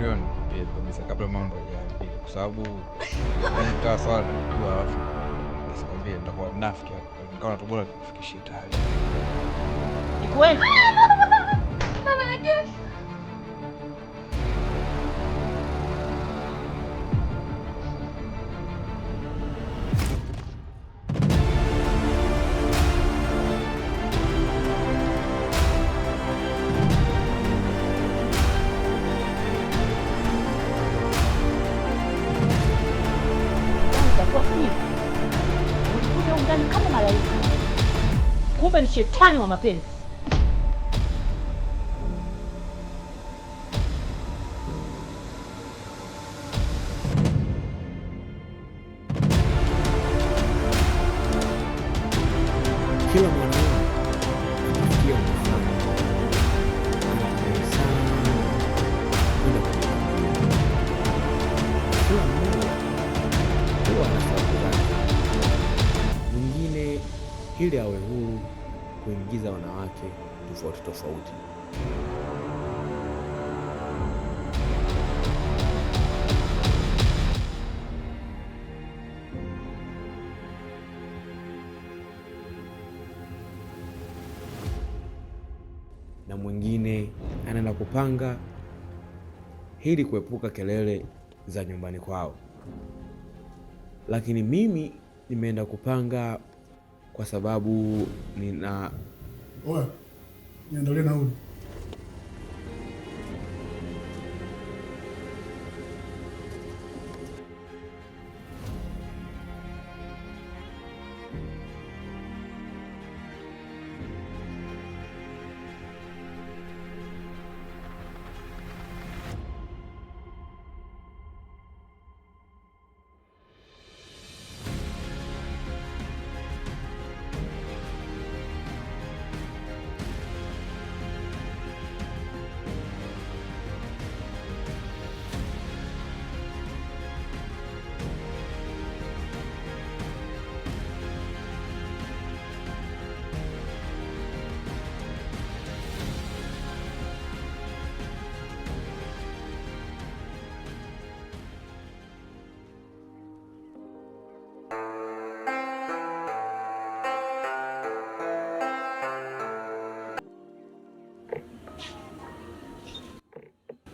milioni kabisa kabla mambo hayajaharibika, kwa sababu nikawa sawa najua, alafu nisikwambie nitakuwa mnafiki, nikawa natobora kufikishia taarifa. Ni kweli friendship. Time on my place. tofauti tofauti. na mwingine anaenda kupanga ili kuepuka kelele za nyumbani kwao, lakini mimi nimeenda kupanga kwa sababu nina Oye niandalie nauli.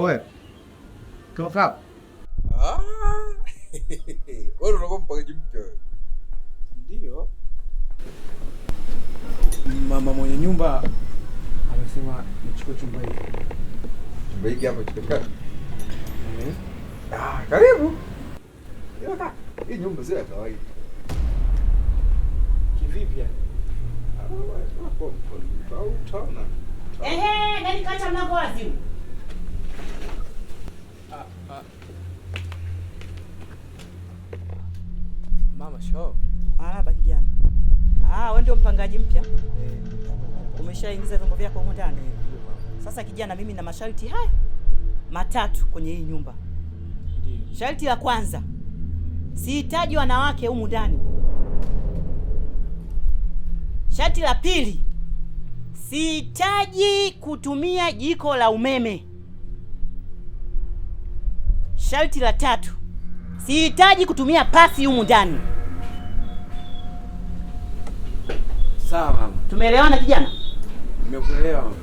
Oe. Ah. ¿qué pasa? Ah. Wewe unakuwa mpangaji mpya. Ndio. Mama mwenye nyumba amesema nichukue chumba hiki. Chumba hiki hapo chukua kaka. Ah, karibu. Yoka. Hii nyumba sio ya kawaida. Kivipi yani? Ah, wewe unakuwa mpangaji. Au utaona. Ehe, nani kacha mlango wazi? Mama show. Ah, kijana. Ah, wewe ndio mpangaji mpya? Eh. Umeshaingiza vyombo vyako huko ndani? Eh, Sasa kijana, mimi na masharti haya matatu kwenye hii nyumba. Ndiyo. Sharti la kwanza, sihitaji wanawake humu ndani. Sharti la pili, sihitaji kutumia jiko la umeme. Sharti la tatu, sihitaji kutumia pasi humu ndani. Sawa mama. Tumeelewana kijana? Nimekuelewa mama.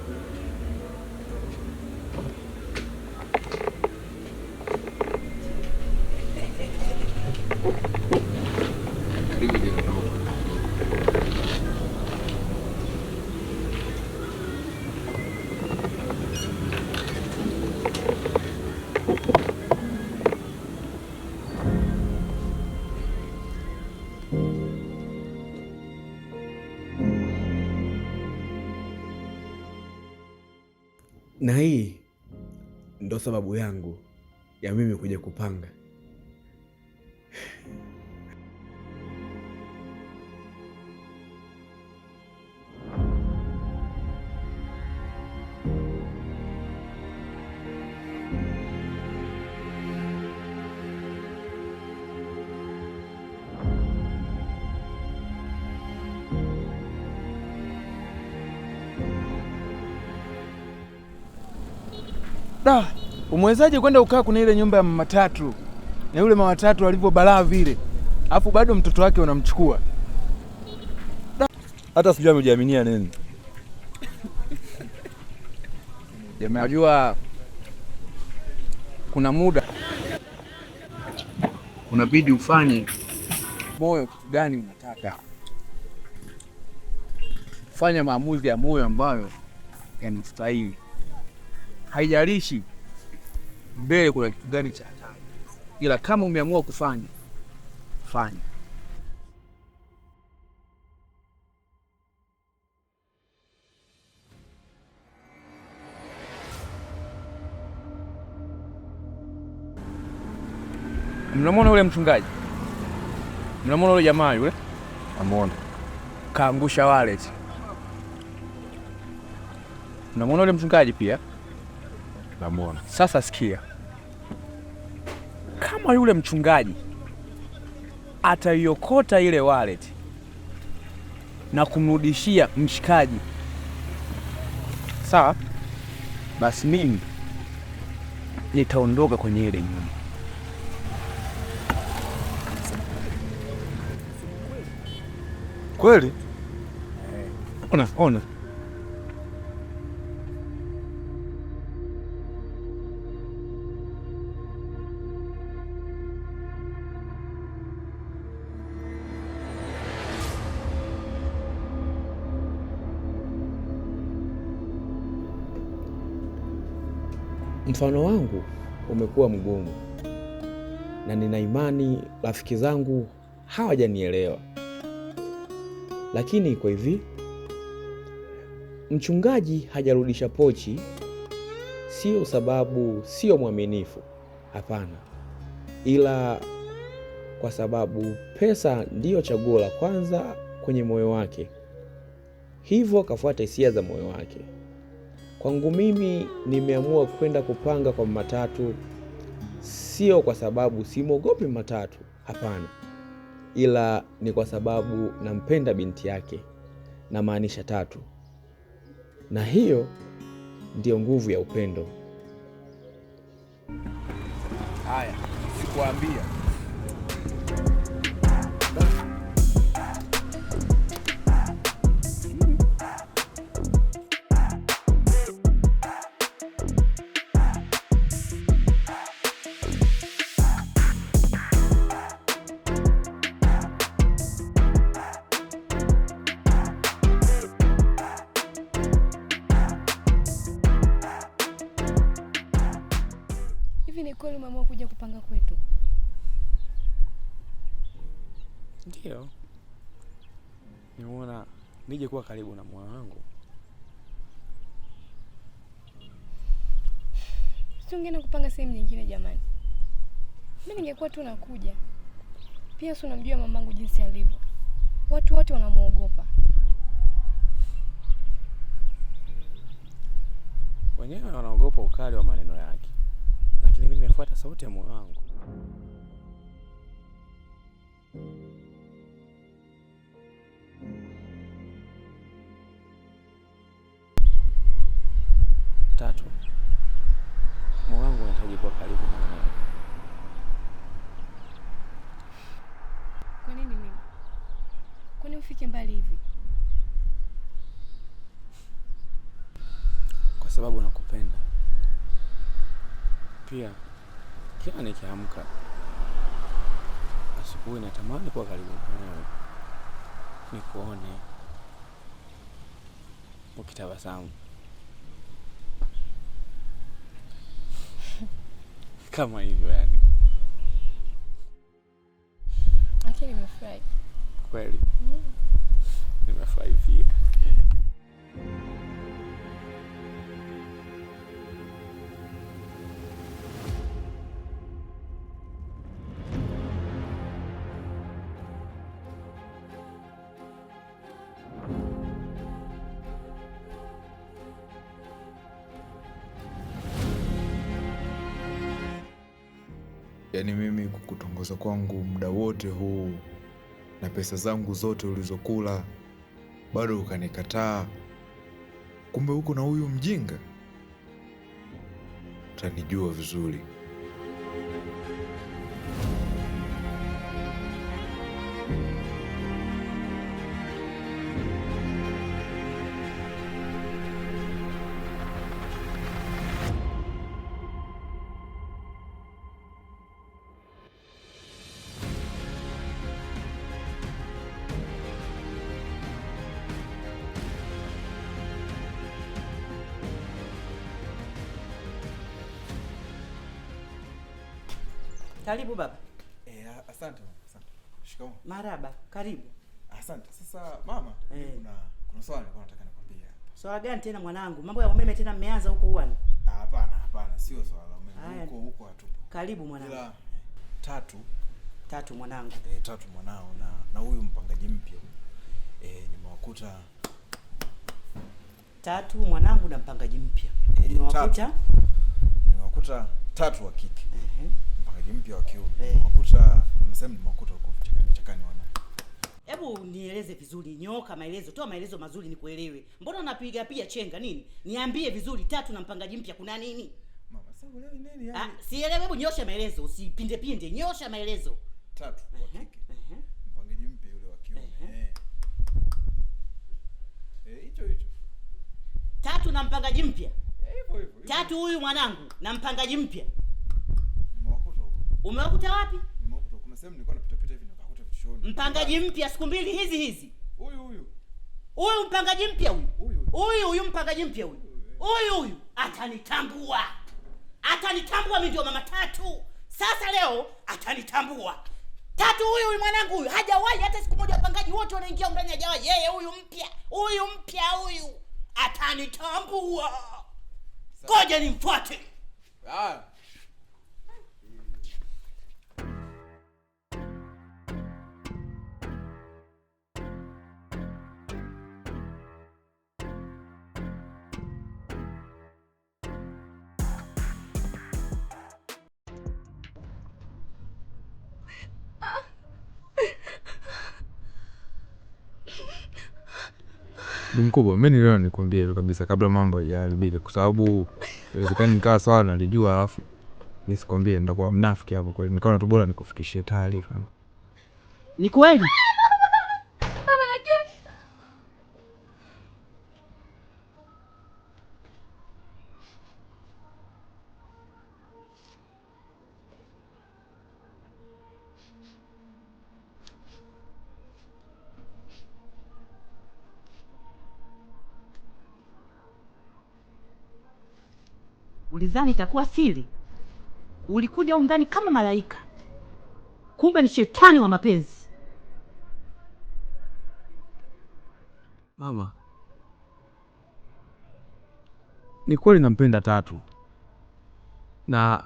na hii ndo sababu yangu ya mimi kuja kupanga Da, umewezaje kwenda ukaa kuna ile nyumba ya mama tatu na yule mama tatu balaa vile, alafu bado mtoto wake unamchukua? Hata sijui amejiaminia nini. Najua kuna muda unabidi ufanye moyo gani unataka fanya maamuzi ya moyo ambayo yanastahili haijalishi mbele kuna kitu gani cha hatari, ila kama umeamua kufanya fanya. Mnamwona yule mchungaji, mnamwona yule jamaa yule, amwona kaangusha wallet. Mnamwona yule mchungaji pia Namwona sasa. Sikia, kama yule mchungaji ataiokota ile wallet na kumrudishia mshikaji, sawa, basi mimi nitaondoka kwenye ile nyumba. Kweli? Eh. Ona, ona. mfano wangu umekuwa mgumu, na nina imani rafiki zangu hawajanielewa, lakini iko hivi: mchungaji hajarudisha pochi, sio sababu sio mwaminifu, hapana, ila kwa sababu pesa ndiyo chaguo la kwanza kwenye moyo wake, hivyo kafuata hisia za moyo wake. Kwangu mimi nimeamua kwenda kupanga kwa matatu, sio kwa sababu simwogopi matatu, hapana, ila ni kwa sababu nampenda binti yake, na maanisha Tatu, na hiyo ndiyo nguvu ya upendo. Haya, sikuambia Ndiyo, nimeona nije kuwa karibu na mwana wangu. Siungine kupanga sehemu nyingine jamani, mi ningekuwa tu nakuja. Pia si unamjua mamangu jinsi alivyo, watu wote wanamwogopa. Wenyewe wanaogopa ukali wa maneno yake, lakini mi nimefuata sauti ya moyo wangu. tatu, moyo wangu unahitaji kuwa karibu na wewe. Kwa nini mimi? Kwa nini ufike mbali hivi? Kwa sababu nakupenda. Pia kila nikiamka asubuhi natamani kuwa karibu na wewe, nikuone ukitabasamu. kama hivyo yani. Lakini nimefurahi kweli, mm. nimefurahi pia. Yaani mimi kukutongoza kwangu muda wote huu na pesa zangu zote ulizokula bado ukanikataa, kumbe huko na huyu mjinga utanijua vizuri. Karibu baba. Eh, asante mama. Asante. Shikamoo. Maraba, karibu. Asante. Sasa mama, eh, kuna kuna swali nilikuwa nataka nikwambie. Swala gani tena mwanangu? Mambo ya umeme tena mmeanza huko uani? Ah, hapana, hapana, sio swala la umeme. Huko huko hatupo. Karibu mwanangu. Ila, eh, tatu tatu mwanangu. Eh, tatu mwanao na na huyu mpangaji mpya. Eh, nimewakuta tatu mwanangu na mpangaji mpya. E, eh, nimewakuta nimewakuta tatu wa kike. Mhm. Uh -huh mchezaji mpya wa kiume hey. Makuta msema ni Makuta huko chakani chakani wana. Hebu nieleze vizuri, nyoka maelezo, toa maelezo mazuri nikuelewe. Mbona unapiga pia chenga nini? Niambie vizuri, tatu na mpangaji mpya kuna nini? Mama sasa uelewi nini yani? Ah, yaani? sielewi, hebu nyosha maelezo, usipinde pinde, nyosha maelezo. Tatu kwa uh-huh, kike. Uh-huh. Mpangaji mpya yule wa kiume. Uh-huh. Eh. Eh, hicho hicho. Tatu na mpangaji mpya. Eh, hivyo hivyo. Tatu huyu mwanangu na mpangaji mpya. Umewakuta wapi? Nimekuta kuna sehemu nilikuwa napita pita hivi nikakuta vichochoni. Mpangaji mpya siku mbili hizi hizi. Huyu huyu. Huyu mpangaji mpya huyu. Huyu huyu mpangaji mpya huyu. Huyu huyu atanitambua. Atanitambua mimi ndio mama tatu. Sasa leo atanitambua. Tatu huyu huyu mwanangu huyu hajawahi hata siku moja, wapangaji wote wanaingia ndani hajawahi. Yeye huyu mpya, huyu mpya huyu atanitambua. Ngoja nimfuate. Ah. mkubwa mi niliona nikwambie hivyo kabisa kabla mambo hayaharibika kwa sababu inawezekana nikawa swala nalijua alafu nisikwambie nitakuwa mnafiki hapo kweli nikaona tu bora nikufikishie taarifa ni kweli Ulizani itakuwa siri? Ulikuja undani ndani kama malaika, kumbe ni shetani wa mapenzi. Mama, ni kweli nampenda Tatu na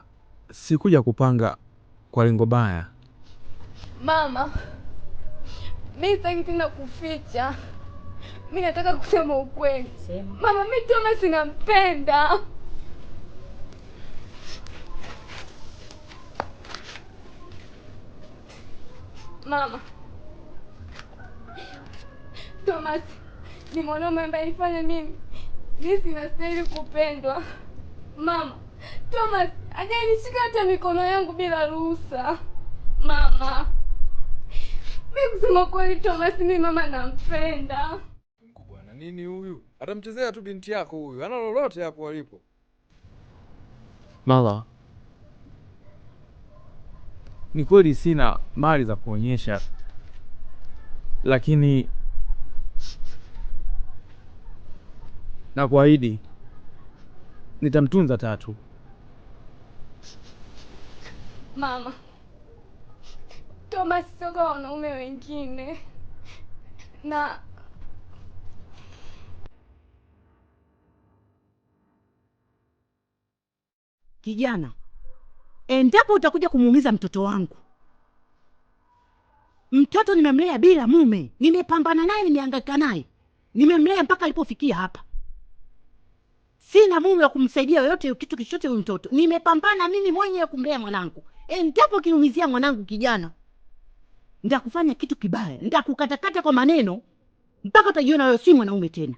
sikuja kupanga kwa lengo baya. Mama, mi sitaki tena kuficha, mi nataka kusema ukweli. Mama, mi tena sinampenda. Mama Thomas ni mwanaume ambaye alifanya mimi nisi nastahili kupendwa. Mama Thomas hajanishika hata mikono yangu bila ruhusa. Mama mi kusema kweli, Thomas mi mama nampenda. bwana, nini huyu? Atamchezea tu binti yako huyu, ana lolote hapo alipo. Mala ni kweli sina mali za kuonyesha, lakini na kuahidi nitamtunza Tatu. Mama, Thomas sio wanaume wengine na kijana endapo utakuja kumuumiza mtoto wangu. Mtoto nimemlea bila mume, nimepambana naye, nimeangaika naye, nimemlea mpaka alipofikia hapa. Sina mume wa kumsaidia yoyote, kitu kichote huyu mtoto, nimepambana mimi mwenyewe kumlea mwanangu. Endapo kiumizia mwanangu kijana, ndakufanya kitu kibaya, ndakukatakata kwa maneno mpaka utajiona wewe si mwanaume tena.